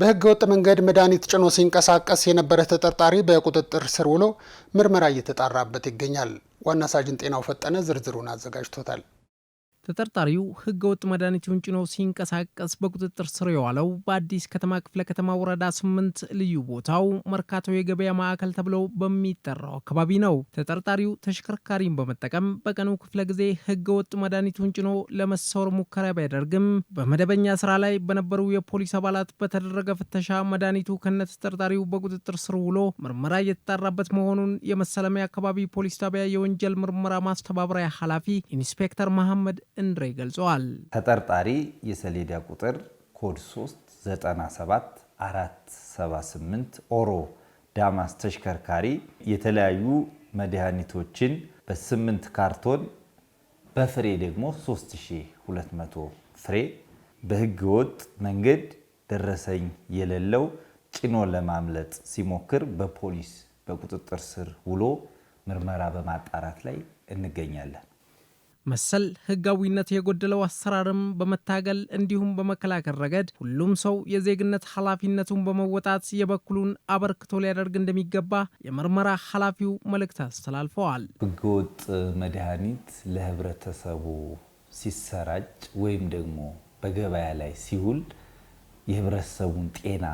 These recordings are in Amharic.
በህገ ወጥ መንገድ መድኃኒት ጭኖ ሲንቀሳቀስ የነበረ ተጠርጣሪ በቁጥጥር ስር ውሎ ምርመራ እየተጣራበት ይገኛል። ዋና ሳጅን ጤናው ፈጠነ ዝርዝሩን አዘጋጅቶታል። ተጠርጣሪው ህገወጥ መድኃኒቱን ጭኖ ሲንቀሳቀስ በቁጥጥር ስር የዋለው በአዲስ ከተማ ክፍለ ከተማ ወረዳ ስምንት ልዩ ቦታው መርካቶ የገበያ ማዕከል ተብሎ በሚጠራው አካባቢ ነው። ተጠርጣሪው ተሽከርካሪን በመጠቀም በቀኑ ክፍለ ጊዜ ወጥ መድኃኒቱን ጭኖ ለመሰወር ሙከራ ቢያደርግም በመደበኛ ስራ ላይ በነበሩ የፖሊስ አባላት በተደረገ ፍተሻ መድኃኒቱ ከነ ተጠርጣሪው በቁጥጥር ስር ውሎ ምርመራ እየተጣራበት መሆኑን የመሰለሚያ አካባቢ ፖሊስ ጣቢያ የወንጀል ምርመራ ማስተባበሪያ ኃላፊ ኢንስፔክተር መሐመድ እንድሬ ገልጸዋል። ተጠርጣሪ የሰሌዳ ቁጥር ኮድ 3 97 478 ኦሮ ዳማስ ተሽከርካሪ የተለያዩ መድኃኒቶችን በ8 ካርቶን በፍሬ ደግሞ 3200 ፍሬ በህገ ወጥ መንገድ ደረሰኝ የሌለው ጭኖ ለማምለጥ ሲሞክር በፖሊስ በቁጥጥር ስር ውሎ ምርመራ በማጣራት ላይ እንገኛለን። መሰል ህጋዊነት የጎደለው አሰራርም በመታገል እንዲሁም በመከላከል ረገድ ሁሉም ሰው የዜግነት ኃላፊነቱን በመወጣት የበኩሉን አበርክቶ ሊያደርግ እንደሚገባ የምርመራ ኃላፊው መልእክት አስተላልፈዋል። ህገወጥ መድኃኒት ለህብረተሰቡ ሲሰራጭ ወይም ደግሞ በገበያ ላይ ሲውል የህብረተሰቡን ጤና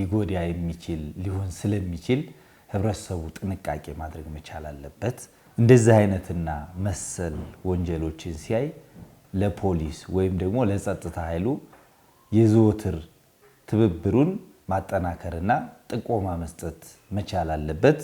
ሊጎዳ የሚችል ሊሆን ስለሚችል ህብረተሰቡ ጥንቃቄ ማድረግ መቻል አለበት። እንደዚህ አይነትና መሰል ወንጀሎችን ሲያይ ለፖሊስ ወይም ደግሞ ለጸጥታ ኃይሉ የዘወትር ትብብሩን ማጠናከርና ጥቆማ መስጠት መቻል አለበት።